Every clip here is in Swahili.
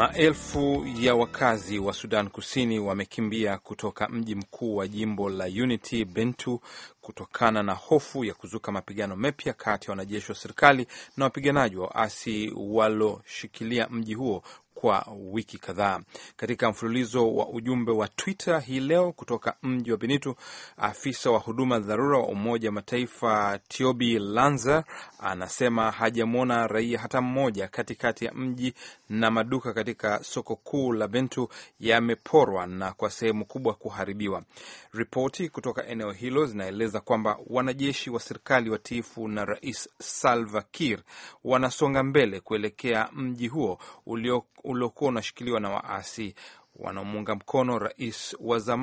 Maelfu ya wakazi wa Sudan Kusini wamekimbia kutoka mji mkuu wa jimbo la Unity Bentu kutokana na hofu ya kuzuka mapigano mapya kati ya wanajeshi wa serikali na wapiganaji wa waasi walioshikilia mji huo kwa wiki kadhaa. Katika mfululizo wa ujumbe wa Twitter hii leo kutoka mji wa Benitu, afisa wa huduma dharura wa Umoja wa Mataifa Tiobi Lanza anasema hajamwona raia hata mmoja katikati ya mji, na maduka katika soko kuu la Bentu yameporwa na kwa sehemu kubwa kuharibiwa. Ripoti kutoka eneo hilo zinaeleza kwamba wanajeshi wa serikali watiifu na Rais Salva Kiir wanasonga mbele kuelekea mji huo ulio uliokuwa unashikiliwa na waasi wanaomuunga mkono rais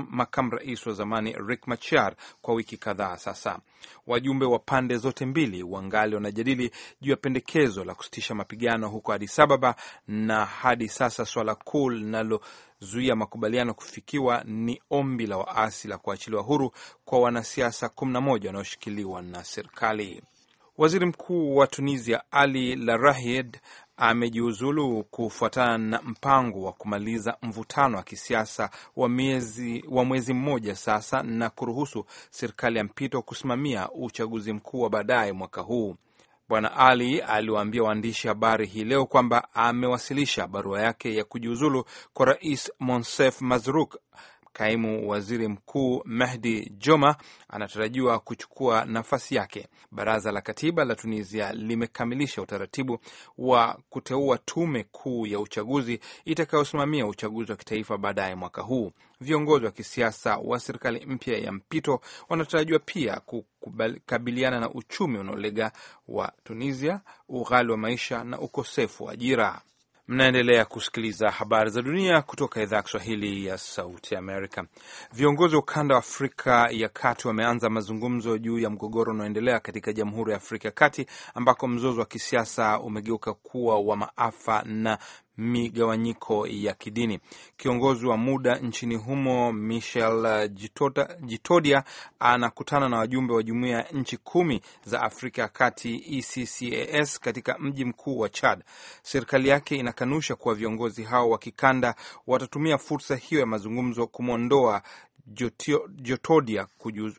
makamu rais wa zamani rik Machar kwa wiki kadhaa sasa. Wajumbe wa pande zote mbili wangali wanajadili juu ya pendekezo la kusitisha mapigano huko Addis Ababa, na hadi sasa swala kuu linalozuia makubaliano kufikiwa ni ombi la waasi la kuachiliwa huru kwa wanasiasa 11 wanaoshikiliwa na serikali. Waziri Mkuu wa Tunisia Ali Larahid amejiuzulu kufuatana na mpango wa kumaliza mvutano wa kisiasa wa wa mwezi mmoja sasa na kuruhusu serikali ya mpito kusimamia uchaguzi mkuu wa baadaye mwaka huu. Bwana Ali aliwaambia waandishi habari hii leo kwamba amewasilisha barua yake ya kujiuzulu kwa Rais Monsef Mazruk Kaimu waziri mkuu Mehdi Joma anatarajiwa kuchukua nafasi yake. Baraza la katiba la Tunisia limekamilisha utaratibu wa kuteua tume kuu ya uchaguzi itakayosimamia uchaguzi wa kitaifa baadaye mwaka huu. Viongozi wa kisiasa wa serikali mpya ya mpito wanatarajiwa pia kukabiliana na uchumi unaolega wa Tunisia, ughali wa maisha na ukosefu wa ajira. Mnaendelea kusikiliza habari za dunia kutoka idhaa ya Kiswahili ya Sauti Amerika. Viongozi wa ukanda wa Afrika ya Kati wameanza mazungumzo juu ya mgogoro unaoendelea katika Jamhuri ya Afrika ya Kati ambako mzozo wa kisiasa umegeuka kuwa wa maafa na migawanyiko ya kidini. Kiongozi wa muda nchini humo Michel Jitodia anakutana na wajumbe wa jumuiya ya nchi kumi za Afrika ya Kati ECCAS katika mji mkuu wa Chad. Serikali yake inakanusha kuwa viongozi hao wa kikanda watatumia fursa hiyo ya mazungumzo kumwondoa Jotodia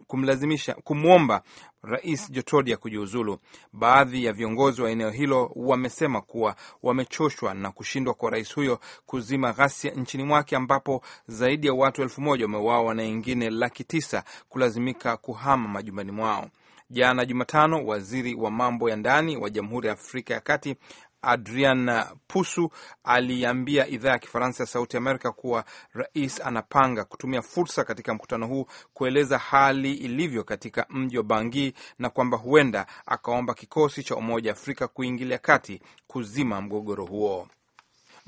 kumlazimisha kumwomba Rais Jotodia kujiuzulu. Baadhi ya viongozi wa eneo hilo wamesema kuwa wamechoshwa na kushindwa kwa rais huyo kuzima ghasia nchini mwake, ambapo zaidi ya watu elfu moja wameuawa na wengine laki tisa kulazimika kuhama majumbani mwao. Jana Jumatano, waziri wa mambo ya ndani wa Jamhuri ya Afrika ya Kati Adrian Pusu aliambia idhaa ya Kifaransa ya Sauti Amerika kuwa rais anapanga kutumia fursa katika mkutano huu kueleza hali ilivyo katika mji wa bangi na kwamba huenda akaomba kikosi cha Umoja wa Afrika kuingilia kati kuzima mgogoro huo.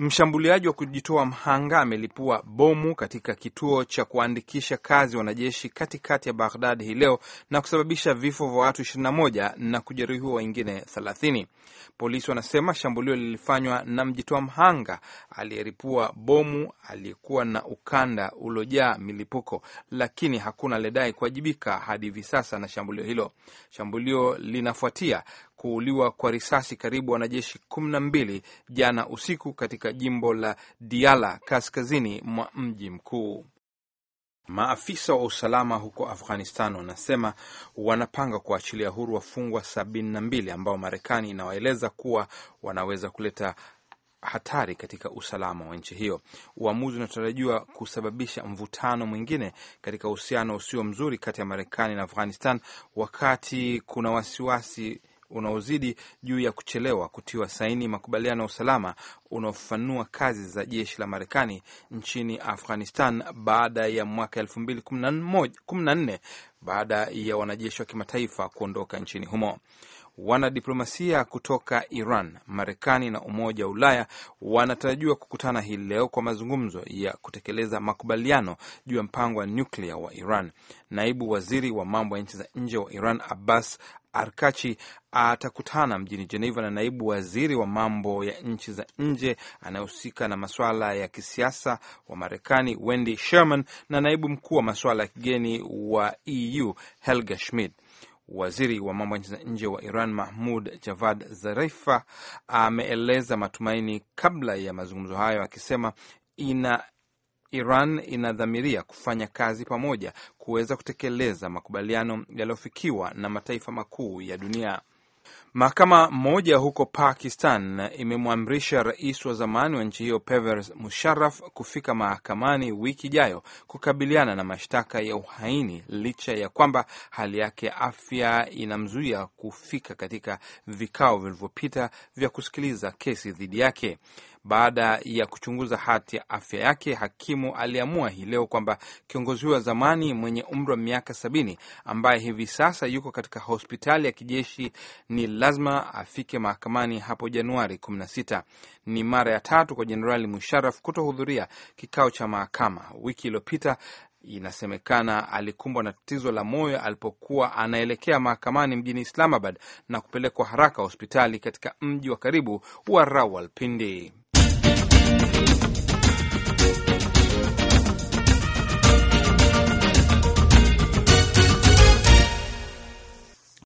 Mshambuliaji wa kujitoa mhanga amelipua bomu katika kituo cha kuandikisha kazi wanajeshi katikati ya Baghdad hii leo na kusababisha vifo vya watu 21 na kujeruhiwa wengine 30. Polisi wanasema shambulio lilifanywa na mjitoa mhanga aliyeripua bomu aliyekuwa na ukanda uliojaa milipuko, lakini hakuna aliyedai kuwajibika hadi hivi sasa na shambulio hilo. Shambulio linafuatia kuuliwa kwa risasi karibu wanajeshi kumi na mbili jana usiku katika jimbo la diala kaskazini mwa mji mkuu. Maafisa wa usalama huko Afghanistan wanasema wanapanga kuachilia huru wafungwa sabini na mbili ambao Marekani inawaeleza kuwa wanaweza kuleta hatari katika usalama wa nchi hiyo. Uamuzi unatarajiwa kusababisha mvutano mwingine katika uhusiano usio mzuri kati ya Marekani na Afghanistan, wakati kuna wasiwasi unaozidi juu ya kuchelewa kutiwa saini makubaliano ya usalama unaofanua kazi za jeshi la Marekani nchini Afghanistan baada ya mwaka elfu mbili kumi na nne baada ya wanajeshi wa kimataifa kuondoka nchini humo. Wanadiplomasia kutoka Iran, Marekani na Umoja wa Ulaya wanatarajiwa kukutana hii leo kwa mazungumzo ya kutekeleza makubaliano juu ya mpango wa nyuklia wa Iran. Naibu waziri wa mambo ya nchi za nje wa Iran, Abbas Arkachi, atakutana mjini Geneva na naibu waziri wa mambo ya nchi za nje anayehusika na masuala ya kisiasa wa Marekani, Wendy Sherman, na naibu mkuu wa masuala ya kigeni wa EU EU Helga Schmid. Waziri wa mambo ya nje wa Iran Mahmud Javad Zarifa ameeleza matumaini kabla ya mazungumzo hayo, akisema ina Iran inadhamiria kufanya kazi pamoja kuweza kutekeleza makubaliano yaliyofikiwa na mataifa makuu ya dunia. Mahakama moja huko Pakistan imemwamrisha rais wa zamani wa nchi hiyo Pervez Musharraf kufika mahakamani wiki ijayo kukabiliana na mashtaka ya uhaini licha ya kwamba hali yake ya afya inamzuia kufika katika vikao vilivyopita vya kusikiliza kesi dhidi yake. Baada ya kuchunguza hati ya afya yake, hakimu aliamua hii leo kwamba kiongozi huyo wa zamani mwenye umri wa miaka sabini ambaye hivi sasa yuko katika hospitali ya kijeshi ni lazima afike mahakamani hapo Januari 16. Ni mara ya tatu kwa Jenerali Musharaf kutohudhuria kikao cha mahakama. Wiki iliyopita Inasemekana alikumbwa na tatizo la moyo alipokuwa anaelekea mahakamani mjini Islamabad na kupelekwa haraka hospitali katika mji wa karibu wa Rawalpindi.